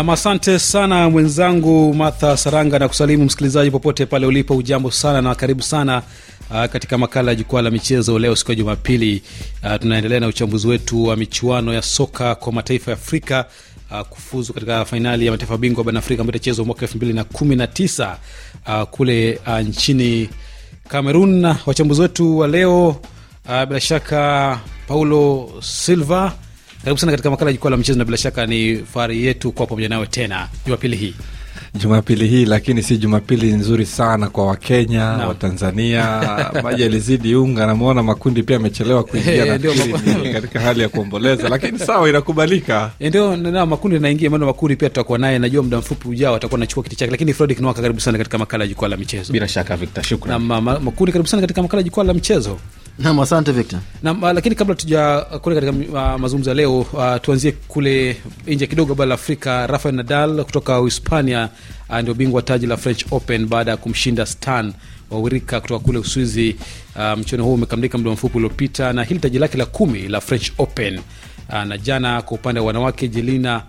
Nam, asante sana mwenzangu Martha Saranga na kusalimu msikilizaji popote pale ulipo. Ujambo sana na karibu sana uh, katika makala ya jukwaa la michezo leo, siku ya Jumapili. Uh, tunaendelea na uchambuzi wetu wa michuano ya soka kwa mataifa ya Afrika uh, kufuzu katika fainali ya mataifa bingwa barani Afrika ambayo itachezwa mwaka elfu mbili na kumi na tisa uh, kule uh, nchini Kamerun. Wachambuzi wetu wa leo uh, bila shaka Paulo Silva karibu sana katika makala ya jukwaa la michezo, na bila shaka ni fahari yetu kuwa pamoja nawe tena jumapili hii Jumapili hii lakini si Jumapili nzuri sana kwa Wakenya no. Watanzania maji alizidi unga, namwona makundi pia amechelewa kuingia hey, katika hali ya kuomboleza, lakini sawa, inakubalika eh, ndio na makundi naingia makundi pia tutakuwa naye, najua muda mfupi ujao atakuwa anachukua kiti chake, lakini Fredrick Nwaka, karibu sana katika makala ya jukwaa la michezo. Bila shaka Victor, shukrani na makundi, karibu sana katika makala ya jukwaa la michezo. Nam, asante Victor. Nam, ah, lakini kabla tuja ah, kule katika uh, mazungumzo ya leo uh, tuanzie kule nje kidogo, bara la Afrika. Rafael Nadal kutoka Uhispania uh, ndio bingwa wa taji la French Open baada ya kumshinda Stan wawirika kutoka kule Uswizi. Uh, mchuano huo umekamilika muda mfupi uliopita, na hili taji lake la kumi la French Open uh, na jana kwa upande wa wanawake Jelina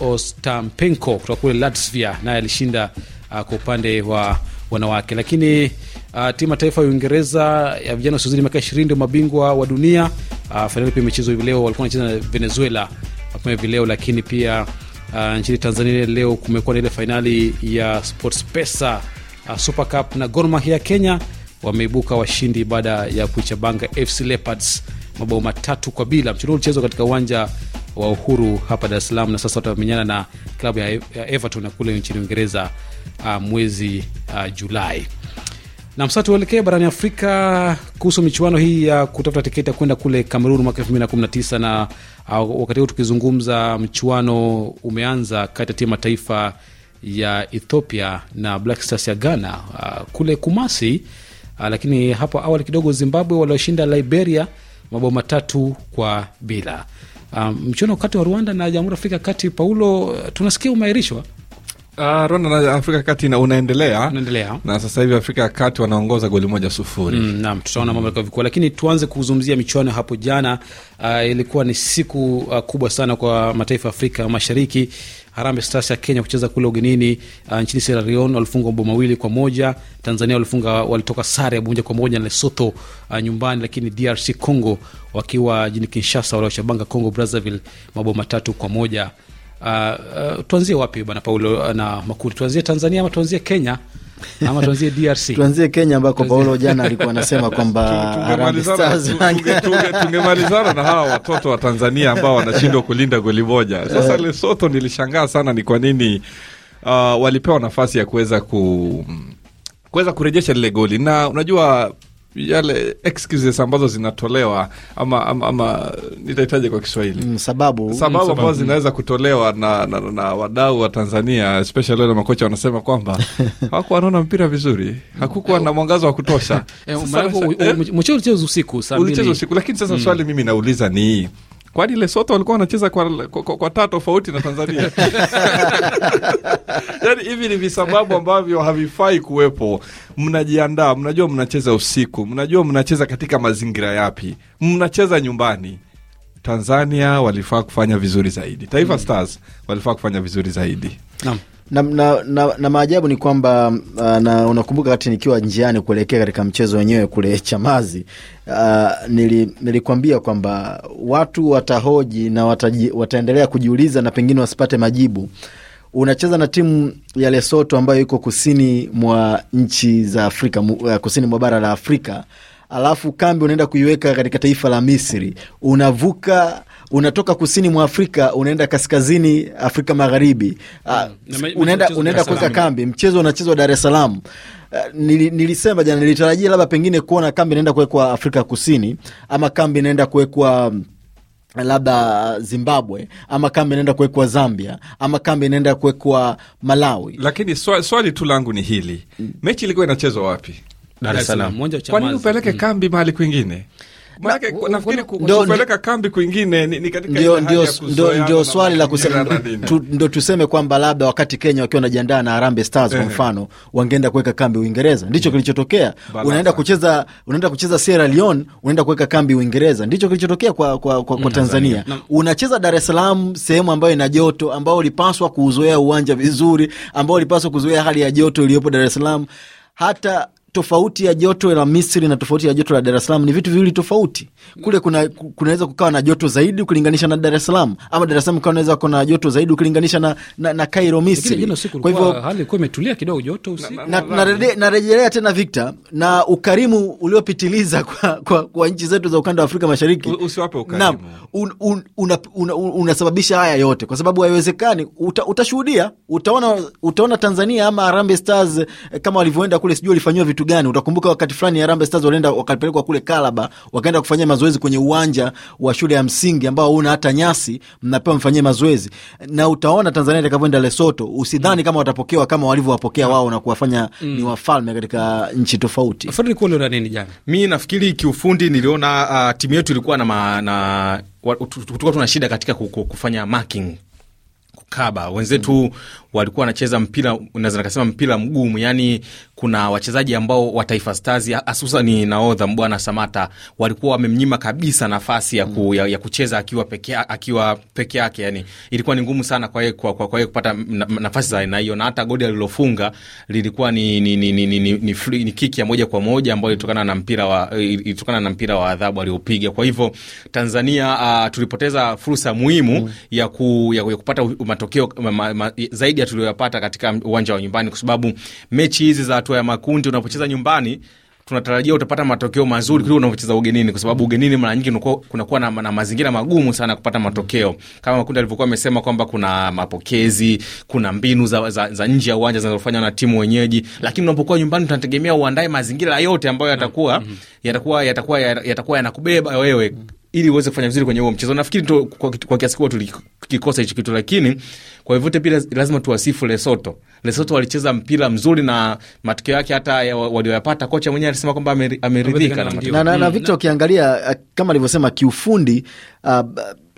Ostampenko kutoka kule Latvia naye alishinda uh, kwa upande wa wanawake lakini Uh, timu ya taifa ya Uingereza ya vijana wasiozidi miaka ishirini ndio mabingwa wa dunia. Uh, ah, fainali pia imechezwa hivi leo, walikuwa wanacheza na Venezuela mapema hivi leo, lakini pia uh, nchini Tanzania leo kumekuwa na ile fainali ya Sports Pesa uh, Super Cup na Gor Mahia Kenya wameibuka washindi baada ya kuichabanga FC Leopards mabao matatu kwa bila. Mchezo ulichezwa katika uwanja wa Uhuru hapa Dar es Salaam, na sasa watamenyana na klabu ya e-, Everton na kule nchini Uingereza uh, mwezi uh, Julai na sasa tuelekee barani Afrika kuhusu michuano hii ya kutafuta tiketi ya kwenda kule Kamerun mwaka elfu mbili na kumi na tisa na wakati huu tukizungumza, mchuano umeanza kati ya timu mataifa ya Ethiopia na Black Stars ya Ghana uh, kule Kumasi. uh, Lakini hapo awali kidogo, Zimbabwe walioshinda Liberia mabao matatu kwa bila. Um, mchuano um, kati wa Rwanda na Jamhuri Afrika Kati, Paulo, uh, tunasikia umeairishwa Uh, Rwanda na Afrika Kati na unaendelea, unaendelea na sasa hivi Afrika ya Kati wanaongoza goli moja sufuri. Mm, naam, tutaona mambo yatakavyokuwa, lakini tuanze kuzungumzia michuano hapo jana. Uh, ilikuwa ni siku uh, kubwa sana kwa mataifa ya Afrika Mashariki. Harambee Stars ya Kenya kucheza kule ugenini uh, nchini Sierra Leone walifunga mabao mawili kwa moja. Tanzania walifunga walitoka sare ya moja kwa moja na Lesotho uh, nyumbani, lakini DRC Congo wakiwa jini Kinshasa waliwashabanga Congo Brazzaville mabao matatu kwa moja. Uh, uh, tuanzie wapi bwana Paulo uh, na Makuri, Tuanzie Tanzania ama tuanzie Kenya ama tuanzie DRC? Tuanzie Kenya ambako Paulo jana alikuwa anasema kwamba tungemalizana na hawa watoto wa Tanzania ambao wanashindwa kulinda goli moja. Eh. Sasa Lesotho nilishangaa sana ni kwa nini uh, walipewa nafasi ya kuweza ku kuweza kurejesha lile goli, na unajua yale excuses ambazo zinatolewa ama, ama, ama nitahitaji kwa Kiswahili mm, sababu sababu mm, ambazo zinaweza mm. kutolewa na, na, na, na wadau wa Tanzania especially wale makocha wanasema kwamba hawakuwa wanaona mpira vizuri, hakukuwa na mwangaza wa kutosha. Eh, eh? Mchezo ulichezwa usiku, saa usiku, lakini sasa mm, swali mimi nauliza ni kwani lesoto walikuwa wanacheza kwa, kwa, kwa, kwa taa tofauti na Tanzania? Yani hivi ni visababu ambavyo havifai kuwepo. Mnajiandaa, mnajua mnacheza usiku, mnajua mnacheza katika mazingira yapi, mnacheza nyumbani. Tanzania walifaa kufanya vizuri zaidi. Taifa mm. Stars walifaa kufanya vizuri zaidi. Naam na, na, na, na maajabu ni kwamba uh, na unakumbuka kati nikiwa njiani kuelekea katika mchezo wenyewe kule Chamazi uh, nili, nilikwambia kwamba watu watahoji na wataji, wataendelea kujiuliza na pengine wasipate majibu. Unacheza na timu ya lesoto ambayo iko kusini mwa nchi za Afrika uh, kusini mwa bara la Afrika, alafu kambi unaenda kuiweka katika taifa la Misri, unavuka unatoka kusini mwa Afrika unaenda kaskazini Afrika Magharibi, uh, unaenda unaenda kuweka kambi, mchezo unachezwa Dar es Salaam. Uh, ah, nil, nilisema jana, nilitarajia labda pengine kuona kambi inaenda kuwekwa Afrika Kusini ama kambi inaenda kuwekwa labda Zimbabwe ama kambi inaenda kuwekwa Zambia ama kambi inaenda kuwekwa Malawi. Lakini swali, swali tu langu ni hili, hmm. mechi ilikuwa inachezwa wapi? Dar es Salaam. Kwa nini upeleke hmm. kambi mahali kwingine? Manake nafikiri kupeleka kambi kwingine ni katika ndio swali la kusema, ndio tuseme kwamba labda wakati Kenya wakiwa wanajiandaa na Harambee Stars kwa mfano, wangeenda kuweka kambi Uingereza. Ndicho kilichotokea. Unaenda kucheza, unaenda kucheza Sierra Leone, unaenda kuweka kambi Uingereza. Ndicho kilichotokea kwa, kwa, kwa, kwa Tanzania. Unacheza Dar es Salaam, sehemu ambayo ina joto, ambao ulipaswa kuuzoea uwanja vizuri, ambao ulipaswa kuzoea hali ya joto iliyopo Dar es Salaam hata tofauti ya joto la Misri na tofauti ya joto la Dar es Salaam ni vitu viwili tofauti. Kule kuna kunaweza kukawa na joto zaidi ukilinganisha na Dar es Salaam, ama Dar es Salaam kukawa naweza kuwa na joto zaidi ukilinganisha na na, na Cairo Misri. Kwa hivyo hali ilikuwa imetulia kidogo joto usiku. Na narejelea tena Victor na ukarimu uliopitiliza kwa, kwa, kwa nchi zetu za ukanda wa Afrika Mashariki. Usiwape ukarimu. Un, un, una, una, unasababisha haya yote kwa sababu haiwezekani. Uta, utashuhudia utaona utaona Tanzania ama Harambee Stars eh, kama walivyoenda kule sijui walifanywa vitu gani? Utakumbuka wakati fulani Harambee Stars walienda wakapelekwa kule Kalaba, wakaenda kufanyia mazoezi kwenye uwanja wa shule ya msingi ambao una hata nyasi, mnapewa mfanyie mazoezi. Na utaona Tanzania itakavyoenda Lesoto, usidhani mm. kama watapokewa kama walivyowapokea mm. wao na kuwafanya mm. ni wafalme katika nchi tofauti. Fadhili, kuona nini jana? Mi nafikiri kiufundi niliona uh, timu yetu ilikuwa na, ma, na tulikuwa tuna shida katika kufanya marking kukaba wenzetu mm. walikuwa wanacheza mpira, naweza nikasema mpira mgumu, yani kuna wachezaji ambao wa Taifa Stars hususani naodha Mbwana Samata walikuwa wamemnyima kabisa nafasi ya, ku, ya, ya kucheza akiwa peke, akiwa peke yake, yani ilikuwa ni ngumu sana kwa yeye kwa, kwa, kwa ye kupata nafasi za aina hiyo, na hata goli alilofunga lilikuwa ni, ni, ni, ni, ni, ni, ni, free, ni kiki ya moja kwa moja ambayo ilitokana na mpira wa ilitokana na mpira wa adhabu aliopiga. Kwa hivyo Tanzania uh, tulipoteza fursa muhimu mm. ya, ku, ya, ya kupata matokeo ma, ma, zaidi ya tuliyoyapata katika uwanja wa nyumbani kwa sababu mechi hizi za hatua ya makundi unapocheza nyumbani tunatarajia utapata matokeo mazuri kuliko unavyocheza ugenini, kwa sababu ugenini mara nyingi kunakuwa na, na mazingira magumu sana kupata matokeo, kama makundi alivyokuwa amesema kwamba kuna mapokezi, kuna mbinu za, za, za nje ya uwanja zinazofanywa na timu wenyeji, lakini unapokuwa nyumbani tunategemea uandae mazingira yote ambayo yatakuwa mm-hmm. yatakuwa yatakuwa yatakuwa yanakubeba wewe ili uweze kufanya vizuri kwenye huo mchezo. Nafikiri tu, kwa, kwa kiasi kubwa tulikikosa hichi kitu, lakini kwa vyovyote pia lazima tuwasifu lesoto lesoto walicheza mpira mzuri na matokeo yake hata walioyapata, kocha mwenyewe alisema kwamba ameridhika na, na, na, mm, na Victor, ukiangalia eh, kama alivyosema kiufundi, uh,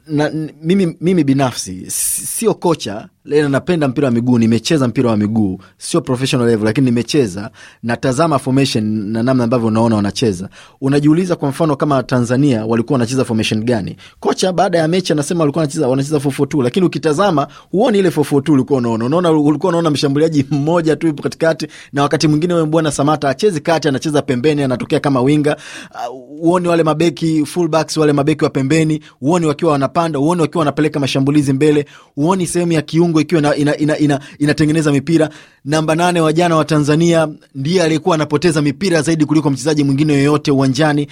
na, mimi, mimi binafsi sio kocha napenda mpira wa miguu, nimecheza mpira wa miguu, sio professional level, lakini nimecheza, natazama formation na namna ambavyo unaona wanacheza, unajiuliza, kwa mfano kama Tanzania walikuwa wanacheza formation gani? Kocha baada ya mechi anasema walikuwa wanacheza wanacheza 442, lakini ukitazama huoni ile 442 ulikuwa unaona, unaona ulikuwa unaona mshambuliaji mmoja tu yupo katikati, na wakati mwingine wewe Mbwana Samata achezi kati, anacheza pembeni, anatokea kama winga. Uh, Uone wale mabeki fullbacks, wale mabeki wa pembeni, huoni wakiwa wanapanda, huoni wakiwa wanapeleka mashambulizi mbele, huoni sehemu ya kiungo ilikuwa ikiwa inatengeneza ina, ina, ina, ina mipira. Namba nane wa jana wa Tanzania ndiye aliyekuwa anapoteza mipira zaidi kuliko mchezaji mwingine yoyote uwanjani.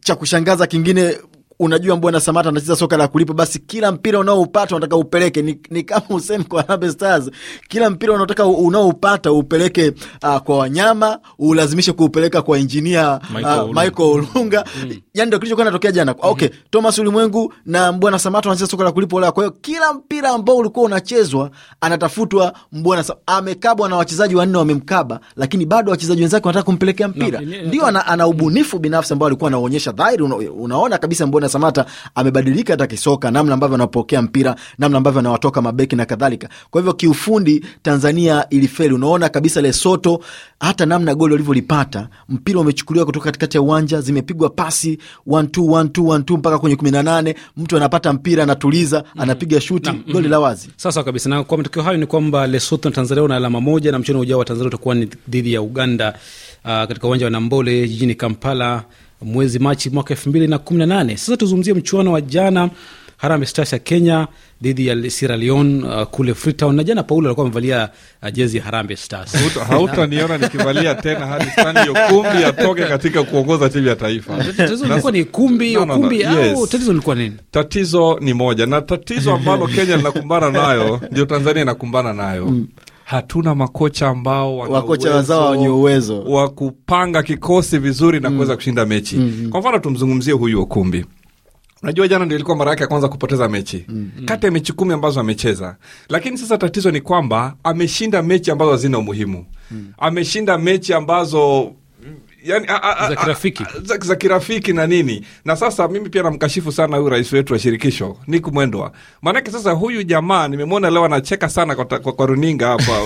Cha kushangaza kingine Unajua, Mbwana Samata anacheza soka la kulipa. Basi kila mpira unaoupata unataka upeleke, ni, ni kama usemi kwa Harambee Stars, kila mpira unaotaka unaoupata upeleke uh, kwa wanyama, ulazimishe kuupeleka kwa injinia ah, Michael, uh, Michael Olunga mm yani ndio kilichokuwa kinatokea jana. mm -hmm. Thomas Ulimwengu na Mbwana Samatta wanacheza soka la kulipa ulaya. Kwa hiyo kila mpira ambao ulikuwa unachezwa anatafutwa Mbwana Samatta. Amekabwa na wachezaji wanne wamemkaba, lakini bado wachezaji wenzake wanataka kumpelekea mpira. Ndio ana, ana mm. ubunifu binafsi ambao alikuwa anaonyesha dhahiri. Una, unaona kabisa Mbwana Samatta amebadilika hata kisoka, namna ambavyo anapokea mpira, namna ambavyo anawatoka mabeki na kadhalika. Kwa hivyo kiufundi Tanzania ilifeli. Unaona kabisa Lesotho hata namna goli walivyolipata, mpira umechukuliwa kutoka katikati ya uwanja, zimepigwa pasi 1-2 mpaka kwenye 18, mtu anapata mpira anatuliza, mhm. anapiga shuti mm -hmm. goli mhm. la wazi. sasa kabisa, na kwa matokeo hayo ni kwamba Lesotho na Tanzania una alama moja, na mchono ujao wa Tanzania utakuwa ni dhidi ya Uganda uh, katika uwanja wa Nambole jijini Kampala mwezi Machi mwaka elfu mbili na kumi na nane. Sasa tuzungumzie mchuano wa jana Harambee Stars ya Kenya dhidi ya Sierra Leone uh, kule Freetown. Na jana Paulo alikuwa amevalia uh, jezi ya Harambee Stars. Hautaniona nikivalia tena hadi Stanley Okumbi atoke katika kuongoza timu ya taifa. Tatizo lilikuwa ni kumbi, no, no, kumbi no, no. Yes. Au tatizo lilikuwa nini? Tatizo ni moja na tatizo ambalo Kenya linakumbana nayo ndio Tanzania inakumbana nayo mm. Hatuna makocha ambao wakocha wazao wenye uwezo wa kupanga kikosi vizuri na mm. kuweza kushinda mechi mm -hmm. Kwa mfano tumzungumzie huyu Okumbi Unajua jana ndio ilikuwa mara yake ya kwanza kupoteza mechi mm, mm. kati ya mechi kumi ambazo amecheza, lakini sasa tatizo ni kwamba ameshinda mechi ambazo hazina umuhimu mm. ameshinda mechi ambazo Yani, a, a, a, za kirafiki za, za kirafiki na nini, na sasa mimi pia namkashifu sana huyu rais wetu wa shirikisho Nick Mwendwa, maanake sasa huyu jamaa nimemwona leo anacheka sana kwa, kwa, kwa runinga hapa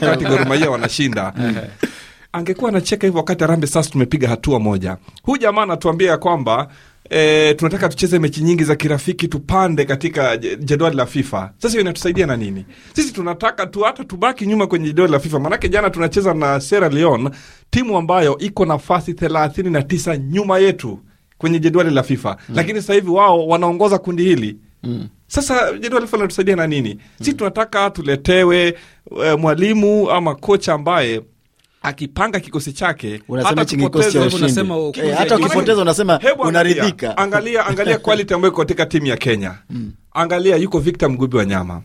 wakati Gor Mahia wanashinda angekuwa anacheka hivyo wakati Harambee sasa tumepiga hatua moja, huyu jamaa anatuambia ya kwamba e, tunataka tucheze mechi nyingi za kirafiki tupande katika jedwali la FIFA. Sasa hiyo inatusaidia na nini? Sisi tunataka tu hata tubaki nyuma kwenye jedwali la FIFA, maanake jana tunacheza na Sierra Leone, timu ambayo iko nafasi thelathini na tisa nyuma yetu kwenye jedwali la FIFA mm. Lakini sasa hivi wao wanaongoza kundi hili mm. Sasa jedwali FIFA linatusaidia na nini? Sisi mm. tunataka tuletewe e, mwalimu ama kocha ambaye akipanga kikosi chake unasema kikosi cha ushindi e, hata ukipoteza unasema unaridhika. Angalia, angalia quality ambayo iko katika timu ya Kenya mm. Angalia yuko Victor Mgubi wa nyama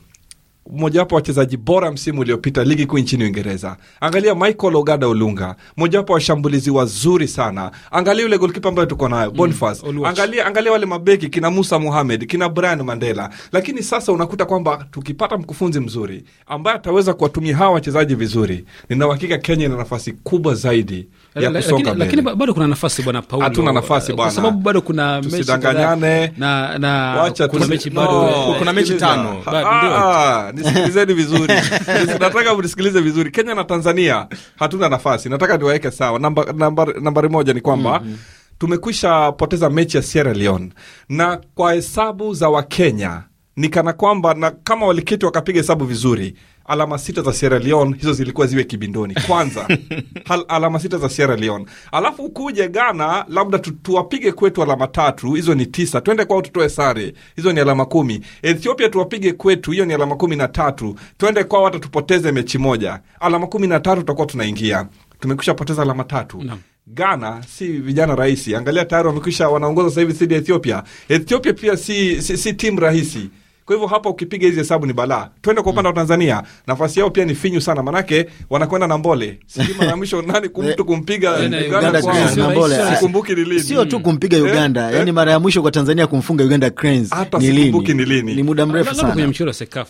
mojawapo wachezaji bora msimu uliopita ligi kuu nchini Uingereza. Angalia Michael Ogada Olunga, mojawapo washambulizi wazuri sana. Angalia yule golkipa ambayo tuko nayo mm, Boniface. Mm, angalia, angalia wale mabeki kina Musa muhamed kina Brian Mandela. Lakini sasa unakuta kwamba tukipata mkufunzi mzuri ambaye ataweza kuwatumia hawa wachezaji vizuri, nina uhakika Kenya ina nafasi kubwa zaidi ya kusonga mbele, lakini bado kuna nafasi bwana Paulo, hatuna nafasi bwana, kwa sababu bado kuna mechi, tusidanganyane na na wacha kuna mechi bado, kuna mechi tano. Ah, nisikilizeni vizuri, nataka mnisikilize vizuri. Kenya na Tanzania hatuna nafasi, nataka niwaweke sawa. Namba nambari moja ni kwamba mm-hmm. tumekwisha poteza mechi ya Sierra Leone na kwa hesabu za Wakenya ni kana kwamba na kama waliketi wakapiga hesabu vizuri alama sita za Sierra Leone hizo zilikuwa ziwe kibindoni kwanza hal, alama sita za Sierra Leone, alafu ukuje Ghana, labda tu, tuwapige kwetu alama tatu, hizo ni tisa, twende kwao tutoe sare, hizo ni alama kumi. Ethiopia tuwapige kwetu, hiyo ni alama kumi na tatu, twende kwao hata tupoteze mechi moja, alama kumi na tatu tutakuwa tunaingia. Tumekwisha poteza alama tatu no. Ghana si vijana rahisi, angalia tayari wamekwisha wanaongoza sasa hivi dhidi ya Ethiopia. Ethiopia pia si, si, si timu rahisi kwa hivyo hapa ukipiga hizi hesabu ni balaa. Twende kwa upande wa Tanzania, nafasi yao pia ni finyu sana, manake wanakwenda na mbole. Sijui mwisho nani mtu eh, kumpiga eh, Sio tu kumpiga eh, Uganda, eh? yani mara ya mwisho kwa Tanzania kumfunga Uganda Cranes ni lini? ni lini, ni muda mrefu sana.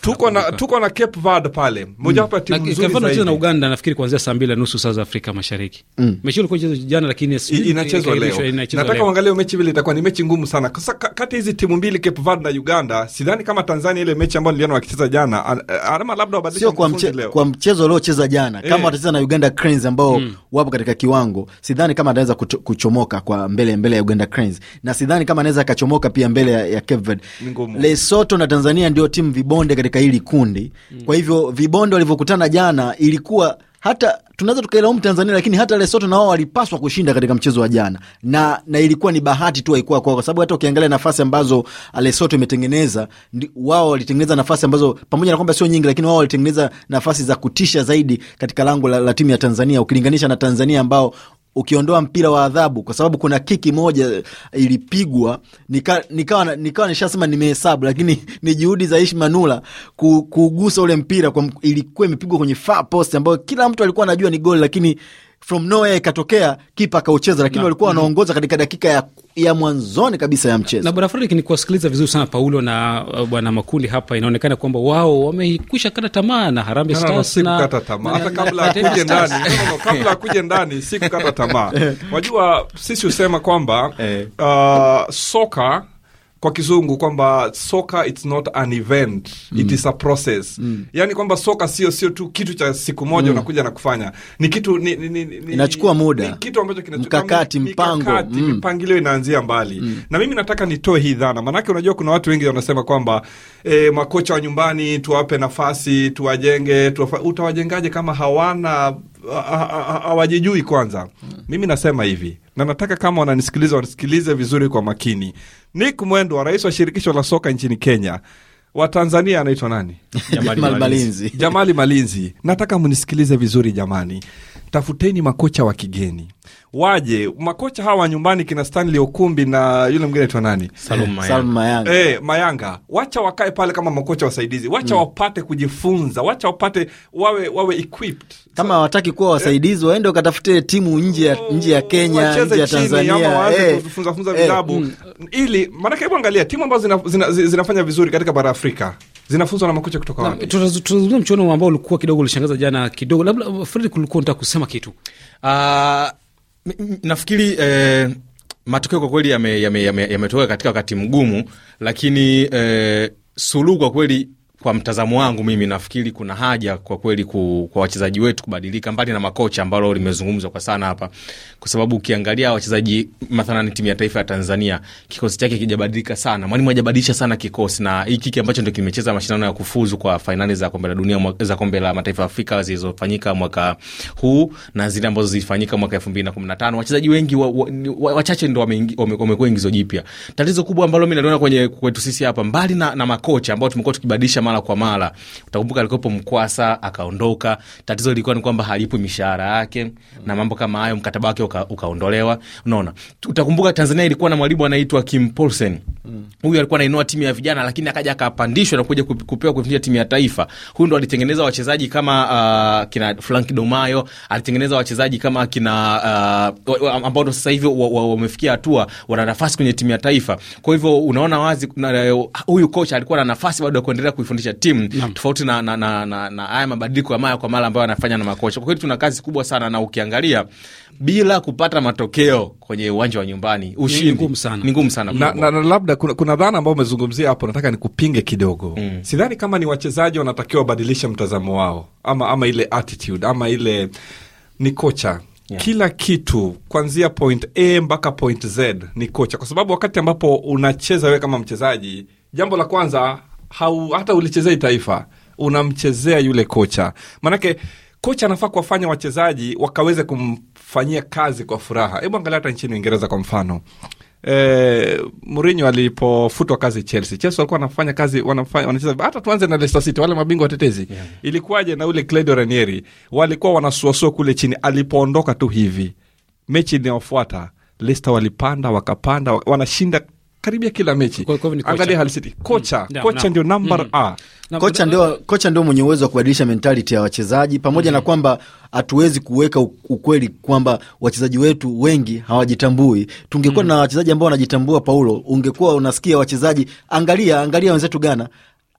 Tuko na tuko na Cape Verde pale, mm. moja wapo timu nzuri zaidi na Uganda, nafikiri kuanzia saa mbili nusu saa za Afrika Mashariki. Mm. Mechi ilikuwa inachezwa jana, lakini inachezwa leo. Nataka uangalie mechi vile itakuwa ni mechi ngumu sana kati hizi timu mbili, Cape Verde na Uganda. Sidhani kama Tanzania ile mechi ambayo niliona wakicheza jana, ama eh, labda wabadilishe kwa, mche, kwa mchezo waliocheza jana kama e, eh. watacheza na Uganda Cranes ambao mm, wapo katika kiwango, sidhani kama anaweza kuchomoka kwa mbele mbele ya Uganda Cranes, na sidhani kama anaweza akachomoka pia mbele ya, ya Cape Verde. lesoto na Tanzania ndio timu vibonde katika hili kundi mm. Kwa hivyo vibonde walivyokutana jana ilikuwa hata tunaweza tukailaumu Tanzania, lakini hata lesoto na wao walipaswa kushinda katika mchezo wa jana, na, na ilikuwa ni bahati tu haikuwa kwao, kwa sababu hata ukiangalia nafasi ambazo uh, Lesoto imetengeneza, wao walitengeneza nafasi ambazo pamoja na kwamba sio nyingi, lakini wao walitengeneza nafasi za kutisha zaidi katika lango la, la timu ya Tanzania ukilinganisha na Tanzania ambao ukiondoa mpira wa adhabu, kwa sababu kuna kiki moja ilipigwa nika, nikawa nikawa nishasema nimehesabu, lakini ni juhudi za Ishi Manula kuugusa ule mpira kwa, ilikuwa imepigwa kwenye far post ambayo kila mtu alikuwa anajua ni goli, lakini from nowhere ikatokea kipa akaucheza, lakini walikuwa wanaongoza katika dakika ya, ya mwanzoni kabisa ya mchezo. Na bwana Fredrik, ni kuwasikiliza vizuri sana Paulo na uh, bwana Makundi hapa, inaonekana kwamba wao wamekwisha kata tamaa na Harambee Stars na kata tamaa hata kabla ndani, kabla ndani sikukata tamaa. Wajua sisi husema kwamba eh. uh, soka kwa kizungu kwamba soka it's not an event mm. it is a process mm. Yani kwamba soka sio sio tu kitu cha siku moja mm. unakuja na kufanya ni kitu ni, ni, ni, ni, inachukua muda ni kitu ambacho mkakati mpango mkakati, mm. inaanzia mbali mm. na mimi nataka nitoe hii dhana, maanake unajua kuna watu wengi wanasema kwamba e, makocha wa nyumbani tuwape nafasi tuwajenge tuwafa, utawajengaje kama hawana hawajijui kwanza mm. mimi nasema hivi na nataka kama wananisikiliza wanisikilize vizuri kwa makini. Nick Mwendwa, rais wa shirikisho la soka nchini Kenya wa Tanzania anaitwa nani? Jamali Malinzi. Jamali Malinzi, nataka mnisikilize vizuri jamani tafuteni makocha wa kigeni waje makocha hawa nyumbani kina Stanley Okumbi na yule mwingine twa nani, Mayanga, eh, Mayanga. wacha wakae pale kama makocha wasaidizi, wacha mm. wapate kujifunza, wacha wapate wawe, wawe equipped kama hawataki kuwa eh. wasaidizi eh, waende wakatafute timu nje ya, oh, nje ya Kenya, nje ya Tanzania e, eh. kufunza funza vilabu mm. ili maanake, hebu angalia timu ambazo zina, zina, zina, zinafanya vizuri katika bara Afrika zinafunzwa na makocha kutoka wapi? mchuano ambao ulikuwa kidogo ulishangaza jana kidogo, labda uh, Fred kulikuwa nataka kusema kitu. Uh, nafikiri eh, matokeo kwa kweli yametoka yame, yame, yame katika wakati mgumu, lakini eh, suluhu kwa kweli kwa mtazamo wangu mimi nafikiri kuna haja kwa kweli ku, kwa wachezaji wetu kubadilika, mbali na makocha ambalo limezungumzwa kwa sana hapa, kwa sababu ukiangalia wachezaji mathalani timu ya taifa ya Tanzania kikosi chake kijabadilika sana, mwalimu hajabadilisha sana kikosi, na hiki kiki ambacho ndio kimecheza mashindano ya kufuzu kwa fainali za kombe la dunia za kombe la mataifa ya Afrika zilizofanyika mwaka huu na zile ambazo zilifanyika mwaka elfu mbili na kumi na tano wachezaji wengi wachache wa, wa, wa ndo wamekuwa wame, wame ingizo jipya. Tatizo kubwa ambalo mi naliona kwenye kwetu sisi hapa mbali na, na makocha ambao tumekuwa tukibadilisha mara mara kwa mara. Utakumbuka alikopo Mkwasa akaondoka, tatizo lilikuwa ni kwamba halipo mishahara yake na mambo kama hayo, mkataba wake uka, ukaondolewa. Unaona, utakumbuka Tanzania ilikuwa na mwalimu anaitwa Kim Paulsen huyu alikuwa anainua timu ya vijana lakini akaja akapandishwa na kuja kupewa kuifundisha timu ya taifa. Huyu ndo alitengeneza wachezaji kama uh, kina Frank Domayo, alitengeneza wachezaji kama kina uh, ambao ndo sasa hivi wamefikia hatua wana nafasi kwenye timu ya taifa. Kwa hivyo unaona wazi eh, huyu kocha alikuwa na nafasi bado ya kuendelea kuifundisha timu tofauti na, na, na, na, na haya mabadiliko ya mara kwa mara ambayo anafanya na makocha. Kwa kweli tuna kazi kubwa sana, na ukiangalia bila kupata matokeo kwenye uwanja wa nyumbani ushindi ni ngumu sana, ni ngumu sana na, na, na labda kuna, kuna kuna dhana ambayo umezungumzia hapo, nataka nikupinge kidogo mm. Sidhani kama ni wachezaji wanatakiwa wabadilishe mtazamo wao ama, ama ile attitude ama ile ni kocha Yeah. Kila kitu kuanzia point A mpaka point Z ni kocha, kwa sababu wakati ambapo unacheza wewe kama mchezaji, jambo la kwanza hau, hata ulichezei taifa, unamchezea yule kocha, maanake kocha anafaa kuwafanya wachezaji wakaweze kumfanyia kazi kwa furaha. Hebu angalia hata nchini Uingereza kwa mfano, eh, Mourinho alipofutwa kazi Chelsea, Chelsea walikuwa wanafanya kazi wanafanya, wanacheza hata tuanze na Leicester City, wale mabingwa watetezi yeah. Ilikuwaje na ule Claudio Ranieri, walikuwa wanasuasua kule chini, alipoondoka tu hivi mechi inayofuata Leicester walipanda wakapanda, wanashinda karibia kila mechi. Angalia Hull City, kocha mm. kocha ndio number mm. a kocha ndio kocha ndio mwenye uwezo wa kubadilisha mentality ya wachezaji, pamoja na mm. kwamba hatuwezi kuweka ukweli kwamba wachezaji wetu wengi hawajitambui. Tungekuwa mm. na wachezaji ambao wanajitambua, Paulo, ungekuwa unasikia wachezaji, angalia angalia wenzetu Ghana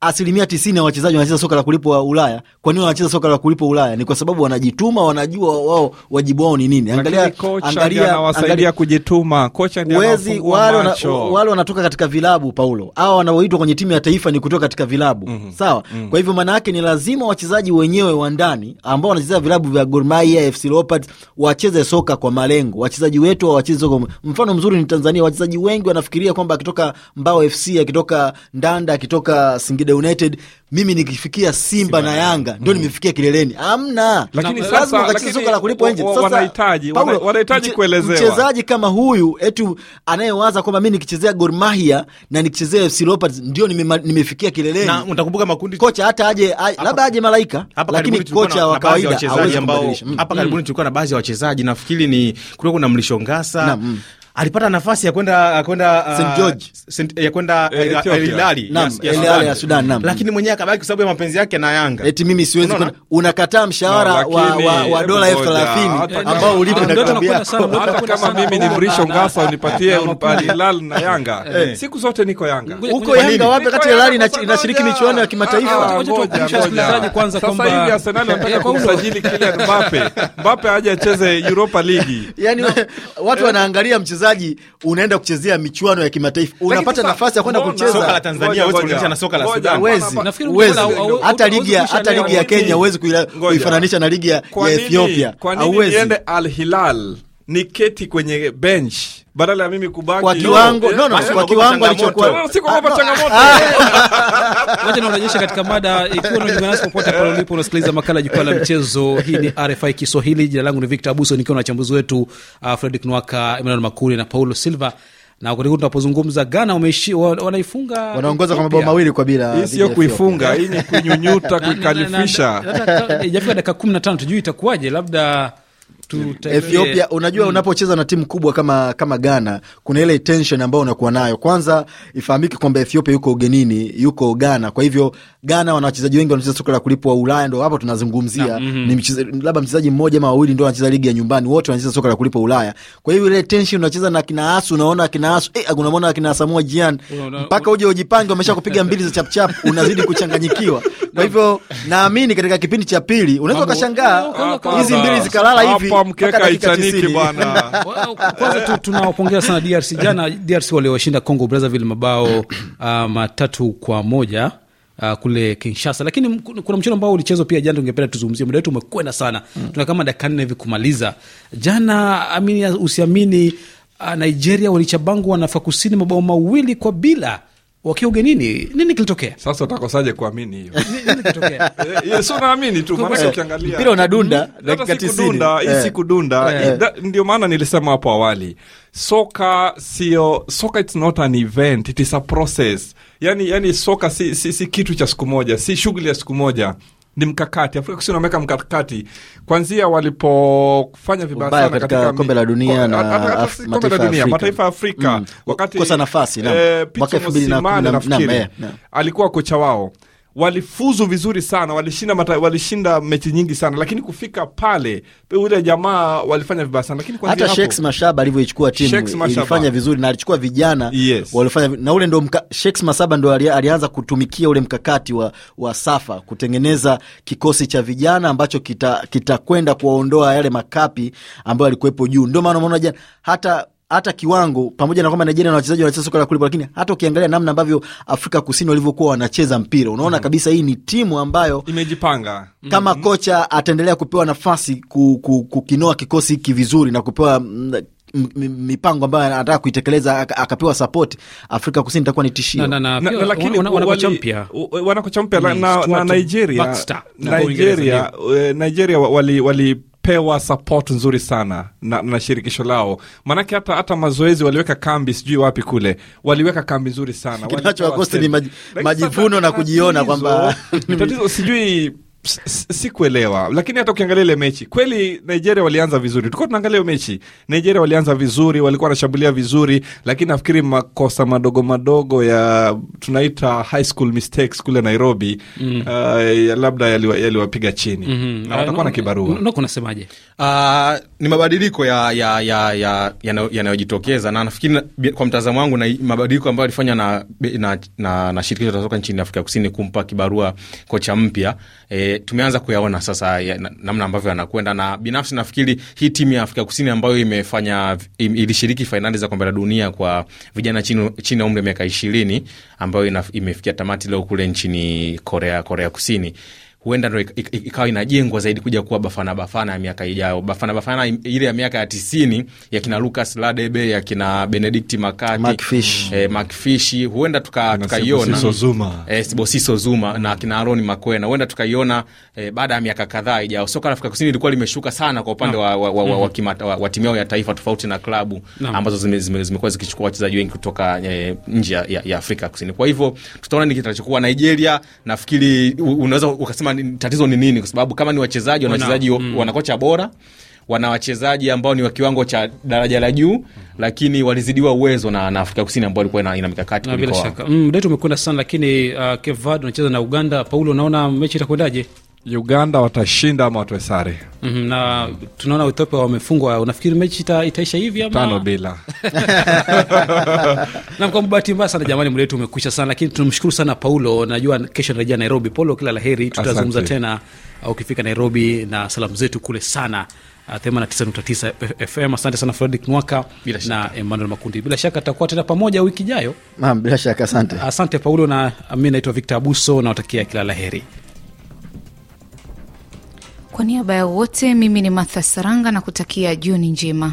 asilimia tisini ya wachezaji wanacheza soka la kulipwa Ulaya. Kwa nini wanacheza soka la kulipwa Ulaya? Ni kwa sababu wanajituma, wanajua wao wajibu wao ni nini. Angalia, angalia, angalia kujituma. Kocha ndiye wezi wale wana, wale wanatoka katika vilabu Paulo, awa wanaoitwa kwenye timu ya taifa ni kutoka katika vilabu mm -hmm. Sawa mm -hmm. Kwa hivyo maana yake ni lazima wachezaji wenyewe wa ndani ambao wanachezea vilabu vya Gor Mahia, FC Leopards wacheze soka kwa malengo. Wachezaji wetu hawachezi soka. Mfano mzuri ni Tanzania, wachezaji wengi wanafikiria kwamba akitoka Mbao FC, akitoka Ndanda, akitoka Singida Singida United, mimi nikifikia Simba na Yanga ndio mm. nimefikia kileleni. Amna, lakini lazima katika soka la kulipwa nje. Sasa wanahitaji wanahitaji kuelezewa mchezaji kama huyu etu anayewaza kwamba mimi nikichezea Gor Mahia na nikichezea FC Leopards ndio nimefikia kileleni. Na utakumbuka makundi, kocha hata aje labda aje malaika, lakini kocha wa kawaida hawezi kubadilisha. Mm. Hapa karibuni mm. tulikuwa na baadhi ya wachezaji nafikiri ni kulikuwa kuna Mlisho Ngasa alipata nafasi ya kwenda kwenda St George ya kwenda uh, Al Hilal eh, eh, eh, ya Sudan, naam, lakini mwenyewe akabaki kwa sababu ya mapenzi yake na Yanga. Eti mimi siwezi kwenda, unakataa mshahara wa wa, dola elfu thelathini ambao ulipo na kambi yako. Hata kama mimi ni Mrisho Ngasa unipatie Al Hilal na Yanga, siku zote niko Yanga. Huko Yanga wapi wakati Al Hilal inashiriki michuano ya kimataifa? Ah, Kwanza kwamba Sasa hivi Arsenal anataka kumsajili Kylian Mbappe, Mbappe aje acheze Europa League. Yani watu wanaangalia mchezaji mchezaji unaenda kuchezea michuano ya kimataifa, unapata nafasi ya kwenda kucheza soka la Tanzania, huwezi kulinganisha na soka la Sudan. Huwezi, huwezi. Hata ligi ya hata ligi ya Kenya huwezi kuifananisha na ligi ya Ethiopia. Hauwezi. Niende Al Hilal ni keti kwenye bench badala ya mimi kubaki kwa kiwango no, no, kwa kiwango alichokuwa, ah, moja naonaonyesha katika mada ikiwa unajiunga nasi popote pale ulipo unasikiliza makala jukwaa la michezo hii ni rfi kiswahili jina langu ni victor abuso nikiwa na wachambuzi wetu uh, fredrick nwaka emmanuel makuli na paulo silva na kwa huu tunapozungumza Ghana umeishi wanaifunga wanaongoza kwa mabao mawili kwa bila. Hii sio kuifunga, hii ni kuinyunyuta, kuikalifisha. Ijafika dakika kumi na tano, tujui itakuwaje, labda Ethiopia. Unajua mm. unapocheza na timu kubwa kama, kama Ghana kuna ile tension ambayo unakuwa nayo. Kwanza ifahamike kwamba Ethiopia yuko ugenini, yuko Ghana, kwa hivyo Ghana wana wachezaji wengi wanacheza soka la kulipwa Ulaya, ndo hapo tunazungumzia mm -hmm. ni labda mchezaji mmoja ama wawili ndo wanacheza ligi ya nyumbani, wote wanacheza soka la kulipwa Ulaya. Kwa hiyo ile tension unacheza na kina Asu, unaona kina Asu eh, unamwona kina Samoa Gyan mpaka uje ujipange, wamesha kupiga mbili za chapchap, unazidi kuchanganyikiwa. Kwa hivyo naamini katika kipindi cha pili unaweza ukashangaa hizi mbili zikalala hivi mpaka dakika tisini. Kwanza tu tunawapongeza sana DRC, jana DRC waliwashinda Congo Brazzaville mabao uh, matatu kwa moja uh, kule Kinshasa. Lakini kuna mchezo ambao ulichezwa pia jana, tungependa tuzungumzie, muda wetu umekwenda sana mm. tuna kama dakika nne hivi kumaliza. Jana amini usiamini, uh, Nigeria walichabangu wanafa kusini mabao mawili kwa bila wakiwa ugenini, nini kilitokea? Sasa utakosaje kuamini hiyo? Nini kilitokea? Hiyo eh, eh, sio naamini tu, maana ukiangalia mpira unadunda dakika 90, hii eh. siku dunda Ndio maana nilisema hapo awali, soka sio soka, it's not an event, it is a process. Yani yani soka si, si, si kitu cha siku moja, si shughuli ya siku moja ni mkakati. Afrika Kusini wameweka mkakati kwanzia walipofanya vibaya sana katika kombe la dunia na kombe la dunia mataifa ya Afrika, mm. wakati kosa nafasi eh, na mwaka eh, alikuwa kocha wao walifuzu vizuri sana, walishinda mata, walishinda mechi nyingi sana, lakini kufika pale ule jamaa walifanya vibaya sana. Lakini kwa hata Sheikh Mashaba alivyoichukua timu ilifanya vizuri na alichukua vijana yes. walifanya na ule ndo Sheikh Mashaba ndo alianza kutumikia ule mkakati wa, wa Safa kutengeneza kikosi cha vijana ambacho kitakwenda kita kuwaondoa yale makapi ambayo alikuwepo juu, ndio maana unaona jana hata hata kiwango pamoja na kwamba Nigeria na wachezaji wanacheza soka la kule, lakini hata ukiangalia namna ambavyo Afrika Kusini walivyokuwa wanacheza mpira unaona mm -hmm. kabisa hii ni timu ambayo imejipanga. mm -hmm. Kama mhm. kocha ataendelea kupewa nafasi kukinoa kikosi hiki vizuri na kupewa mm, mipango ambayo anataka kuitekeleza akapewa sapoti Afrika Kusini itakuwa ni tishio, lakini wanakocha mpya wanakocha mpya na mm, Nigeria Nigeria eh, Nigeria wali wamepewa support nzuri sana na, na shirikisho lao, maanake hata hata mazoezi waliweka kambi, sijui wapi kule, waliweka kambi nzuri sana. ni majivuno na kujiona kwamba tatizo sijui si kuelewa, lakini hata ukiangalia ile mechi kweli, Nigeria walianza vizuri. Tulikuwa tunaangalia mechi, Nigeria walianza vizuri, walikuwa wanashambulia vizuri, lakini nafikiri makosa madogo madogo ya tunaita high school mistakes kule Nairobi mm. uh, labda yaliwapiga yali chini mm -hmm. na watakuwa uh, na kibarua no, no, no, no, ni mabadiliko yanayojitokeza ya, ya, ya, ya na nafikiri kwa mtazamo wangu na mabadiliko ambayo alifanya na, na, na, na shirikisho la soka nchini Afrika Kusini kumpa kibarua kocha mpya e, tumeanza kuyaona sasa ya, na, namna ambavyo anakwenda na binafsi nafikiri hii timu ya Afrika Kusini ambayo imefanya im, ilishiriki fainali za kombe la dunia kwa vijana chini ya umri wa miaka ishirini ambayo ina, imefikia tamati leo kule nchini Korea, Korea Kusini huenda ndo ikawa inajengwa zaidi kuja kuwa Bafana Bafana ya miaka ijayo, Bafana Bafana ile ya miaka ya tisini ya kina Lucas Ladebe ya kina benedict Makati Macfish, eh, Macfish huenda tukaiona tuka eh, Sibosiso Zuma na kina Aroni Makwena huenda tukaiona eh, baada ya miaka kadhaa ijayo. Soka la Afrika Kusini ilikuwa limeshuka sana kwa upande wa, wa, wa, wa, mm wa, mhm. wa, wa timu yao ya taifa tofauti na klabu no. ambazo zimekuwa zime, zime zikichukua wachezaji wengi kutoka eh, nje ya, ya Afrika Kusini. Kwa hivyo tutaona ni kitachokuwa Nigeria, nafikiri unaweza ukasema tatizo ni nini, kwa sababu kama ni wachezaji wana wachezaji mm. wanakocha bora wana wachezaji ambao ni wa kiwango cha daraja la juu, lakini walizidiwa uwezo na, na Afrika Kusini ambao walikuwa ina, mikakati Bila shaka mm, mda wetu umekwenda sana, lakini uh, Cape unacheza na Uganda. Paulo, unaona mechi itakwendaje? Uganda watashinda ama watoe sare. mm -hmm, na tunaona Ethiopia wamefungwa. Unafikiri mechi ita, itaisha hivi ama tano bila? na kwa bahati mbaya sana jamani, mletu wetu umekwisha sana, lakini tunamshukuru sana Paulo. Najua kesho narejea Nairobi. Paulo, kila la heri, tutazungumza tena ukifika Nairobi na salamu zetu kule sana 89.9 uh, FM. Asante sana Fredrick Mwaka na Emmanuel Makundi. Bila shaka tutakuwa tena pamoja wiki ijayo. Naam, bila shaka. Asante, asante Paulo, na uh, mi naitwa Victor Abuso, nawatakia kila la heri. Kwa niaba ya wote, mimi ni Martha Saranga na kutakia jioni njema.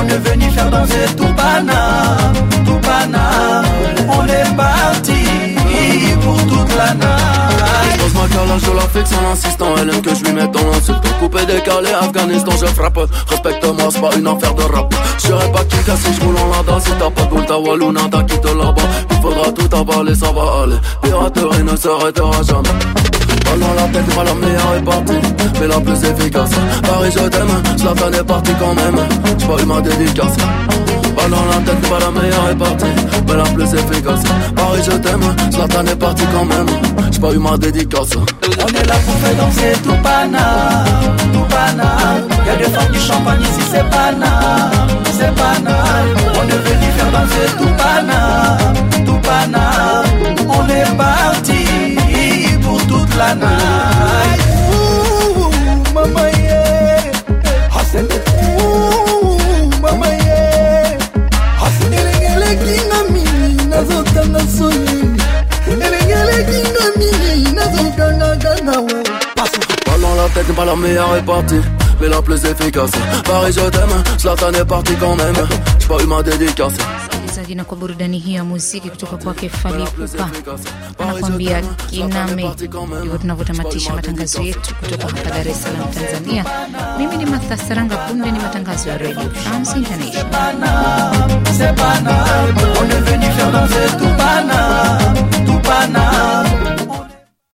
On est venu faire danser Toubana, Toubana. On est parti pour toute la night. Dans ma calage, je la fixe en insistant. Elle aime que je lui mette dans Tout Coupé, décalé, Afghanistan, je frappe. Respecte-moi, c'est pas une affaire de rap. serai pas casse si je roule en lada. Si t'as pas de boule, t'as Waluna, t'as quitté là-bas. Il faudra tout avaler, ça va aller. Piraterie ne s'arrêtera jamais. Balan la tête, droit la meilleure est partie Mais la plus efficace Paris je t'aime, Zlatan est parti quand même J'ai pas eu ma dédicace Balan dans la tête, pas la meilleure hein, est partie Mais la plus efficace Paris je t'aime, Zlatan est parti quand même J'ai pas eu ma dédicace On est là pour faire danser tout pana Tout pana Y'a des femmes du champagne ici c'est pana C'est pana On est venu faire danser tout pana n'est pas la meilleure répartie mais la plus efficace. Paris, je t'aime, Zlatan est parti quand même. J'ai pas eu ma dédicace. Msikilizaji, na kwa burudani hiyo ya muziki kutoka kwake Fally Ipupa anakuambia Kiname, ndivyo tunavyotamatisha matangazo yetu kutoka hapa Dar es Salaam, Tanzania. Mimi ni Martha Saranga, kumbe ni matangazo ya Radio France International.